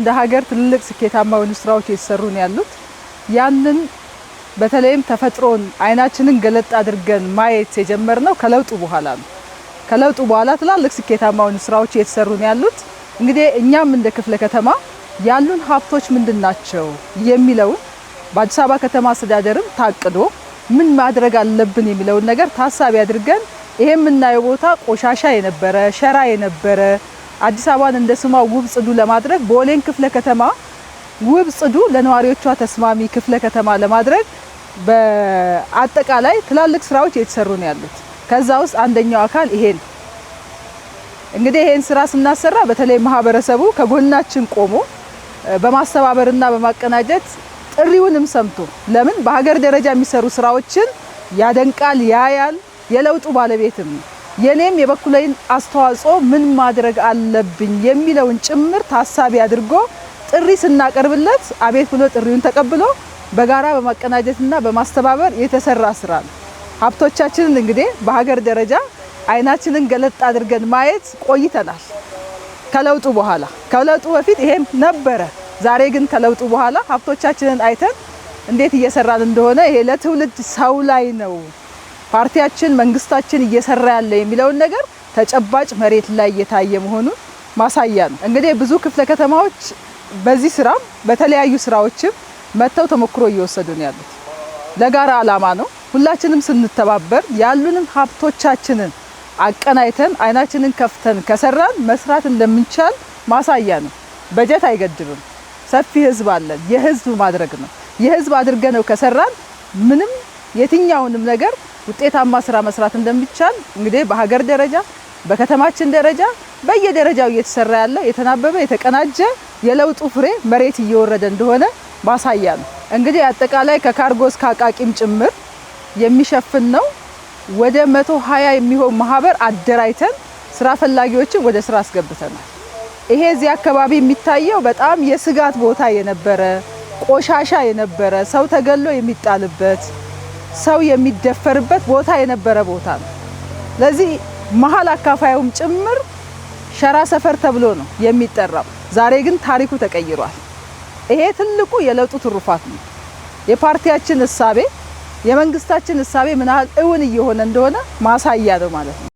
እንደ ሀገር ትልልቅ ስኬታማ የሆኑ ስራዎች እየተሰሩ ነው ያሉት። ያንን በተለይም ተፈጥሮን አይናችንን ገለጥ አድርገን ማየት የጀመርነው ከለውጡ በኋላ ነው። ከለውጡ በኋላ ትላልቅ ስኬታማ የሆኑ ስራዎች እየተሰሩ ነው ያሉት። እንግዲህ እኛም እንደ ክፍለ ከተማ ያሉን ሀብቶች ምንድን ናቸው የሚለውን በአዲስ አበባ ከተማ አስተዳደርም ታቅዶ ምን ማድረግ አለብን የሚለውን ነገር ታሳቢ አድርገን ይሄ የምናየው ቦታ ቆሻሻ የነበረ ሸራ የነበረ አዲስ አበባን እንደ ስሟ ውብ ጽዱ ለማድረግ ቦሌን ክፍለ ከተማ ውብ ጽዱ ለነዋሪዎቿ ተስማሚ ክፍለ ከተማ ለማድረግ በአጠቃላይ ትላልቅ ስራዎች እየተሰሩ ነው ያሉት። ከዛ ውስጥ አንደኛው አካል ይሄን እንግዲህ ይሄን ስራ ስናሰራ በተለይ ማህበረሰቡ ከጎናችን ቆሞ በማስተባበርና በማቀናጀት ጥሪውንም ሰምቶ ለምን በሀገር ደረጃ የሚሰሩ ስራዎችን ያደንቃል፣ ያያል፣ የለውጡ ባለቤትም ነው። የኔም የበኩሌን አስተዋጽኦ ምን ማድረግ አለብኝ የሚለውን ጭምር ታሳቢ አድርጎ ጥሪ ስናቀርብለት አቤት ብሎ ጥሪውን ተቀብሎ በጋራ በማቀናጀትና በማስተባበር የተሰራ ስራ ነው። ሀብቶቻችንን እንግዲህ በሀገር ደረጃ አይናችንን ገለጥ አድርገን ማየት ቆይተናል። ከለውጡ በኋላ ከለውጡ በፊት ይሄም ነበረ። ዛሬ ግን ከለውጡ በኋላ ሀብቶቻችንን አይተን እንዴት እየሰራን እንደሆነ ይሄ ለትውልድ ሰው ላይ ነው ፓርቲያችን፣ መንግስታችን እየሰራ ያለ የሚለውን ነገር ተጨባጭ መሬት ላይ እየታየ መሆኑን ማሳያ ነው። እንግዲህ ብዙ ክፍለ ከተማዎች በዚህ ስራም በተለያዩ ስራዎችም መጥተው ተሞክሮ እየወሰዱ ነው ያሉት። ለጋራ አላማ ነው። ሁላችንም ስንተባበር ያሉንን ሀብቶቻችንን አቀናይተን አይናችንን ከፍተን ከሰራን መስራት እንደምንቻል ማሳያ ነው። በጀት አይገድብም። ሰፊ ህዝብ አለን። የህዝብ ማድረግ ነው። የህዝብ አድርገ ነው ከሰራን ምንም የትኛውንም ነገር ውጤታማ ስራ መስራት እንደሚቻል እንግዲህ በሀገር ደረጃ በከተማችን ደረጃ በየደረጃው እየተሰራ ያለ የተናበበ የተቀናጀ የለውጡ ፍሬ መሬት እየወረደ እንደሆነ ማሳያ ነው። እንግዲህ አጠቃላይ ከካርጎ እስከ አቃቂም ጭምር የሚሸፍን ነው። ወደ መቶ ሀያ የሚሆን ማህበር አደራጅተን ስራ ፈላጊዎችን ወደ ስራ አስገብተናል። ይሄ እዚህ አካባቢ የሚታየው በጣም የስጋት ቦታ የነበረ ቆሻሻ የነበረ ሰው ተገሎ የሚጣልበት ሰው የሚደፈርበት ቦታ የነበረ ቦታ ነው። ለዚህ መሀል አካፋዩም ጭምር ሸራ ሰፈር ተብሎ ነው የሚጠራው። ዛሬ ግን ታሪኩ ተቀይሯል። ይሄ ትልቁ የለውጡ ትሩፋት ነው። የፓርቲያችን እሳቤ፣ የመንግስታችን እሳቤ ምን ያህል እውን እየሆነ እንደሆነ ማሳያ ነው ማለት ነው።